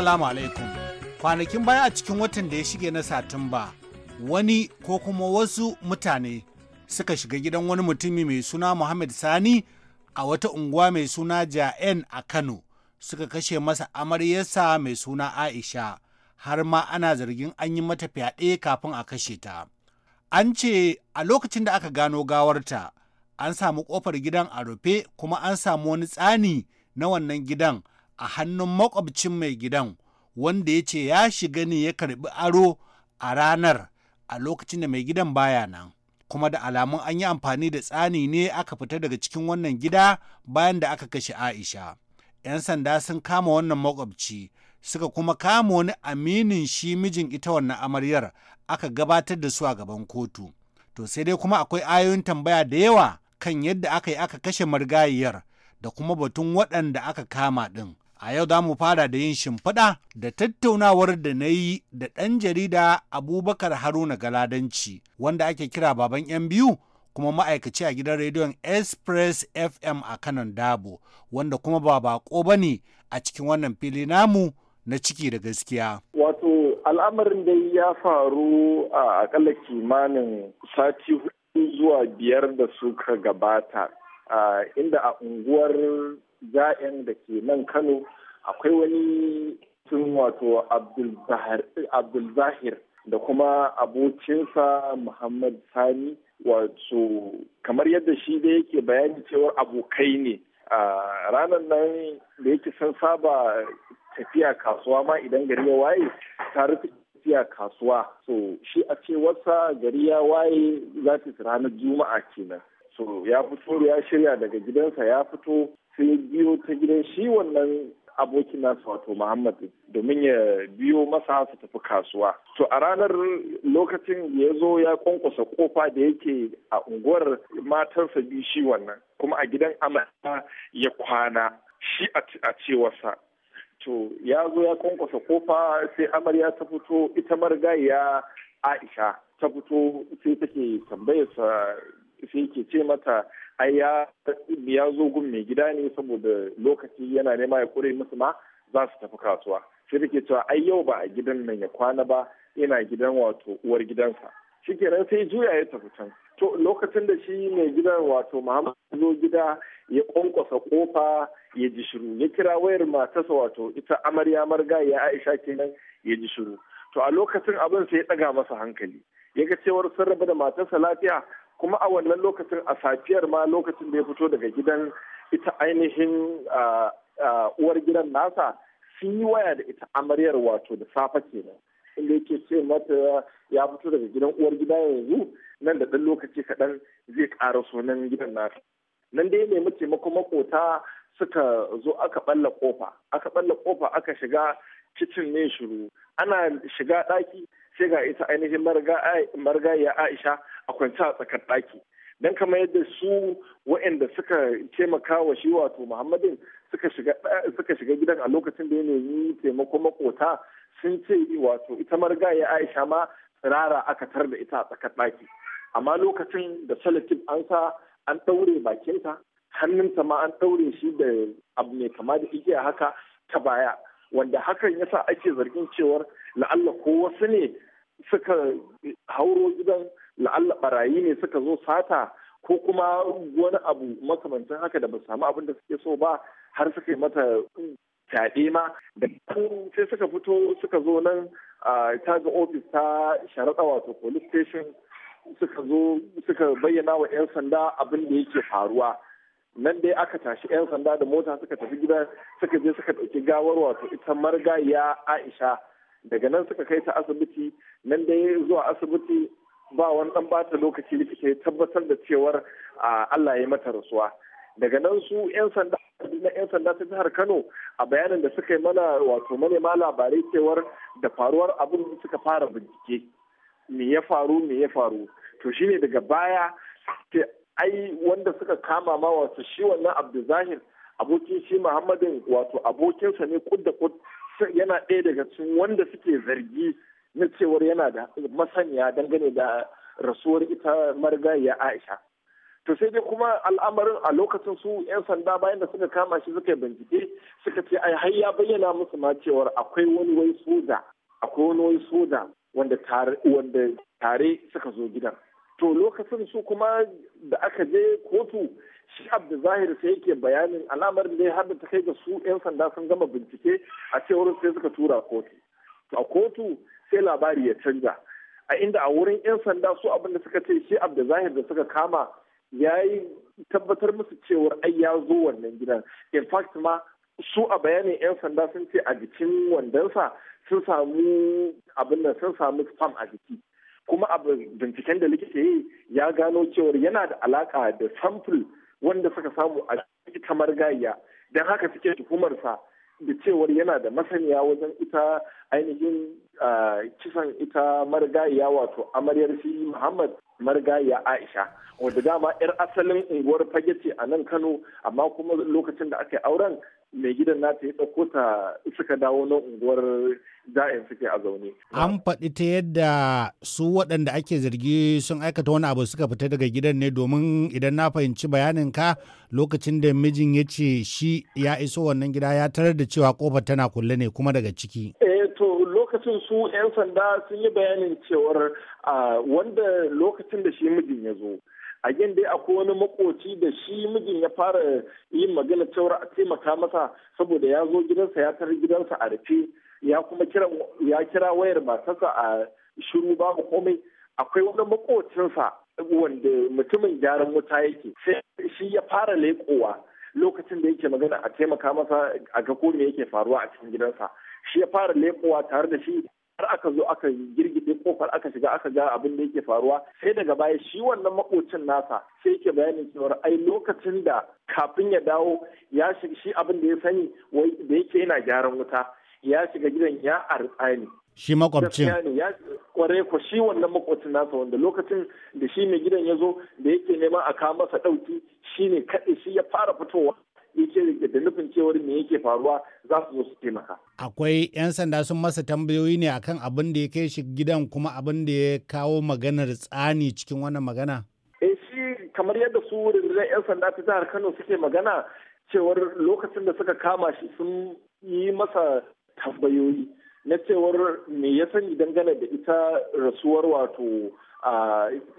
Assalamu alaikum. Kwanakin baya a cikin watan da ya shige na Satumba, wani ko kuma wasu mutane suka shiga gidan wani mutumi mai suna Muhammad Sani a wata unguwa mai suna Ja'en a Kano, suka kashe masa amaryarsa mai suna Aisha, har ma ana zargin an yi mata fyaɗe kafin a kashe ta. An ce a lokacin da aka gano gawarta, an samu ƙofar gidan a rufe kuma an samu wani tsani na wannan gidan a hannun makwabcin mai gidan wanda ya ce ya shiga ne ya karbi aro a ranar a lokacin da mai gidan baya nan kuma da alamun an yi amfani da tsani ne aka fita daga cikin wannan gida bayan da aka kashe aisha 'yan sanda sun kama wannan makwabci suka kuma kama wani aminin shi mijin ita wannan amaryar aka gabatar da su a gaban kotu to sai dai kuma akwai ayoyin tambaya da yawa kan yadda aka yi aka kashe marigayiyar da kuma batun waɗanda aka kama ɗin A yau za mu fara da yin shimfiɗa da tattaunawar da na yi da ɗan jarida Abubakar Haruna Galadanci, wanda ake kira baban 'yan biyu kuma ma'aikaci a gidan rediyon Express FM a kanan Dabo, wanda kuma ba bako ba ne a cikin wannan fili namu na ciki da gaskiya. Wato al'amarin dai ya faru a akalla kimanin sati huɗu zuwa biyar da suka gabata. inda a unguwar ja'in da ke nan kano akwai wani sun wato abdulzahir da kuma abokinsa muhammad sani wato kamar yadda shi da yake bayani cewar abokai ne a ranar nan da yake san saba tafiya kasuwa ma idan gari ya waye ta rufe tafiya kasuwa so shi a cewarsa gari ya waye za ta ranar juma'a kenan so ya fito ya shirya daga gidansa ya fito sai biyo ta gidan shi wannan abokin nasu wato Muhammad domin ya biyo masa su tafi kasuwa. To a ranar lokacin ya zo ya kwankwasa kofa da yake a unguwar matarsa biyu shi wannan kuma a gidan amata ya kwana shi a cewarsa. To ya zo ya kwankwasa kofa sai amarya ta fito ita marigayya Aisha ta fito sai take tambayarsa sai ke ce mata ai ya zo gun mai gida ne saboda lokaci yana nema ya kure musu ma za su tafi kasuwa sai take cewa ai yau ba a gidan nan ya kwana ba yana gidan wato uwar gidansa shikenan sai juya ya tafi can to lokacin da shi mai gidan wato Muhammad zo gida ya kwankwasa kofa ya ji shiru ya kira wayar matarsa wato ita amarya marga ya Aisha kenan ya ji shiru to a lokacin abin sai ya daga masa hankali ya ga cewar sun raba da matarsa lafiya kuma a wannan lokacin a safiyar ma lokacin da ya fito daga gidan ita ainihin uwar gidan nasa sun yi waya da ita amaryar wato da safa kenan inda yake ce mata ya fito daga gidan uwar gida yanzu nan da ɗan lokaci kaɗan zai ƙara sunan gidan nasa nan dai nemi taimako makota suka zo aka balla kofa aka balla kofa aka shiga kicin ne shiru ana shiga ɗaki sai ga ita ainihin marigaya aisha a kwance a tsakar ɗaki don kama yadda su waɗanda suka taimaka wa shi wato muhammadin suka shiga gidan a lokacin da ya nemi taimako makota sun ce wato ita ya aisha ma tsirara aka tar da ita a tsakar ɗaki amma lokacin da salatif an sa an ɗaure bakinta hannunta ma an ɗaure shi da abu mai kama da igiya haka ta baya wanda hakan yasa ake zargin cewar la'alla ko wasu ne suka hauro gidan la'alla barayi ne suka zo sata ko kuma wani abu makamancin haka da ba samu abin da suke so ba har suka yi mata fyaɗe ma da sai suka fito suka zo nan ta ga ofis ta sharaɗa wato police station suka zo suka bayyana wa 'yan sanda abin da yake faruwa nan dai aka tashi 'yan sanda da mota suka tafi gida suka je suka ɗauki gawar wato ita margayya aisha daga nan suka kai ta asibiti nan dai zuwa asibiti ba wani dan bata lokaci likita ya tabbatar da cewar Allah ya mata rasuwa daga nan su 'yan sanda na 'yan sanda ta jihar Kano a bayanin da suka yi mana wato manema labarai cewar da faruwar abin suka fara bincike me ya faru me ya faru to shine daga baya ai wanda suka kama ma wato shi wannan Abdulzahir abokin shi Muhammadin wato abokinsa ne kud da kud yana ɗaya daga cikin wanda suke zargi na cewar yana da masaniya dangane da rasuwar ita marigayiya aisha to sai dai kuma al'amarin a lokacin su 'yan sanda bayan da suka kama shi suka bincike suka ce ai har ya bayyana musu ma cewar akwai wani wai soja akwai wani wai soja wanda tare wanda tare suka zo gidan to lokacin su kuma da aka je kotu shi abdu zahir sai yake bayanin al'amarin da har da ta kai ga su 'yan sanda sun gama bincike a cewar sai suka tura kotu a kotu sai labari ya canza a inda a wurin 'yan sanda su abin da suka ce shi abda zahir da suka kama ya yi tabbatar musu cewar ai ya zo wannan gidan in fact ma su a bayanin 'yan sanda sun ce a jikin wandonsa sun samu abin da sun samu spam a jiki kuma a binciken da likita yi ya gano cewar yana da alaka da sample wanda suka samu a kamar gayya don haka suke tuhumarsa da cewar yana da masaniya wajen ita ainihin kisan ita marigayiya wato amaryar shi muhammad marigayiya aisha wanda dama 'yar asalin unguwar fage ce a nan kano amma kuma lokacin da aka yi auren mai gidan nata ya ɗauko ta suka dawo na unguwar da'in suke a zaune. An faɗi ta yadda su waɗanda ake zargi sun aikata wani abu suka fita daga gidan ne domin idan na fahimci bayanin ka lokacin da mijin ya ce shi ya iso wannan gida ya tarar da cewa kofar tana kulle ne kuma daga ciki. Eh to lokacin su 'yan sanda sun yi bayanin cewar ah, wanda lokacin da shi mijin ya zo. a yin dai akwai wani makoci da shi mijin ya fara yin magana cewar a taimaka masa saboda ya zo gidansa ya tarar gidansa a rufe ya kuma kira ya kira wayar matarsa a shiru babu komai akwai wani makocinsa wanda mutumin gyaran wuta yake sai shi ya fara leƙowa lokacin da yake magana a taimaka masa a ga ko yake faruwa a cikin gidansa shi ya fara leƙowa tare da shi har aka zo aka girgide kofar aka shiga aka ga abin da yake faruwa sai daga baya shi wannan makocin nasa sai yake bayanin cewa ai lokacin da kafin ya dawo ya shi abin da ya sani da yake yana gyaran wuta ya shiga gidan ya artsa shi makwabcin ya kware ko shi wannan makwabcin nasa wanda lokacin da shi mai gidan ya zo da yake neman a kawo masa dauki shi ne kaɗai shi ya fara fitowa ce da nufin cewar me yake faruwa za su zo su taimaka. Akwai 'yan sanda sun masa tambayoyi ne akan abin da ya kai shi gidan kuma abin da ya kawo maganar tsani cikin wannan magana? Eh shi kamar yadda su rundunar 'yan sanda ta jihar Kano suke magana cewar lokacin da suka kama shi sun yi masa tambayoyi na cewar me ya sani dangane da ita rasuwar wato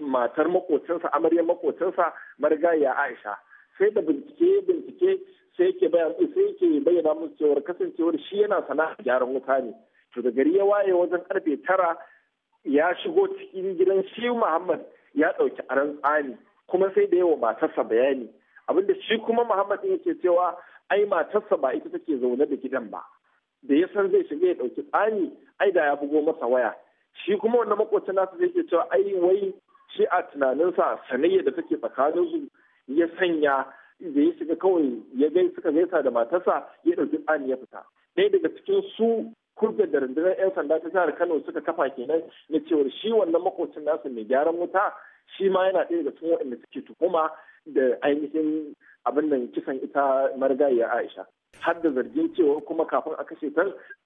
matar makocinsa amaryar makocinsa marigayya Aisha. sai da bincike bincike sai ke bayyana musu cewar kasancewar shi yana sana'a gyaran wuta ne to da gari ya waye wajen karfe tara ya shigo cikin gidan shi muhammad ya ɗauki aran tsani kuma sai da yawa matarsa bayani abinda shi kuma muhammad yake cewa ai matarsa ba ita take zaune da gidan ba da ya san zai shiga ya ɗauki tsani ai da ya bugo masa waya shi kuma wannan makwacin nasu zai ke cewa ai wai shi a tunaninsa sanayya da take tsakanin su ya sanya da ya shiga kawai ya gai suka gaisa da matarsa ya ɗauki tsani ya fita ɗaya daga cikin su kurgar da rundunar 'yan sanda ta jihar kano suka kafa kenan na cewar shi wannan makocin nasu mai gyaran wuta shi ma yana ɗaya daga cikin waɗanda suke tuhuma da ainihin abin nan kisan ita marigayiya aisha har da zargin cewa kuma kafin a kashe ta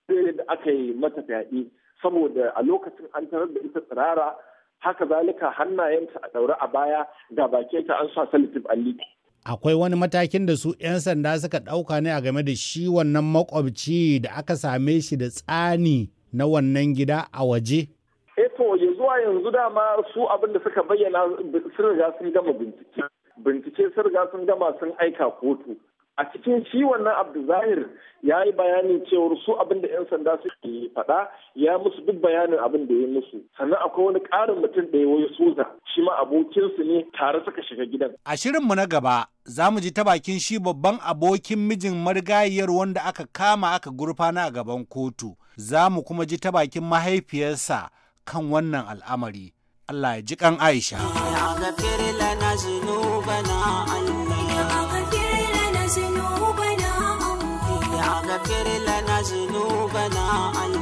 da aka yi mata fyaɗe saboda a lokacin an tarar da ita tsirara haka zalika hannayenta a ɗaure a baya ga bakin ta an sa salitif alli. Akwai wani matakin da su 'yan sanda suka ɗauka ne a game da shi wannan makwabci da aka same shi da tsani na wannan gida a waje? Eto eh ya zuwa yanzu dama su abin da suka bayyana sun riga sun gama bincike. Bincike sun riga sun gama sun aika kotu. a cikin shi wannan abdulzahir ya yi bayanin cewar su abin da 'yan sanda suke yi faɗa ya musu duk bayanin abin da ya musu sannan akwai wani ƙarin mutum da ya wai soza shi ma abokinsu ne tare suka shiga gidan a shirin mu na gaba za mu ji ta bakin shi babban abokin mijin marigayiyar wanda aka kama aka gurfana a gaban kotu za mu kuma ji ta bakin mahaifiyarsa kan wannan al'amari Allah ya ji kan Aisha. zinu bana Allah ya gafere lana zinu bana Allah